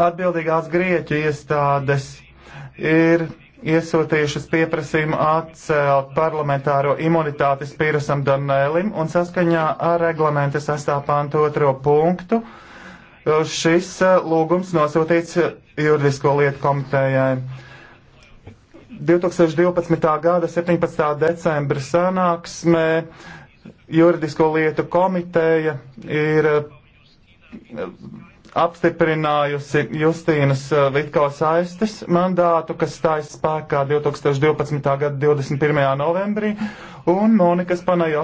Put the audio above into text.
Atbildīgās Grieķu iestādes ir iesūtījušas pieprasījumu atcelt parlamentāro imunitāti Spīrasam Donēlim un saskaņā ar reglamenta sastāpāntu otro punktu. Uh, šis uh, lūgums nosūtīts juridisko lietu komitējai. 2012. gada 17. decembra sanāksmē juridisko lietu komiteja ir uh, apstiprinājusi Justīnas eh, Vitko saistes mandātu, kas stājas spēkā 2012. gada 21. novembrī, un Monikas Panajot.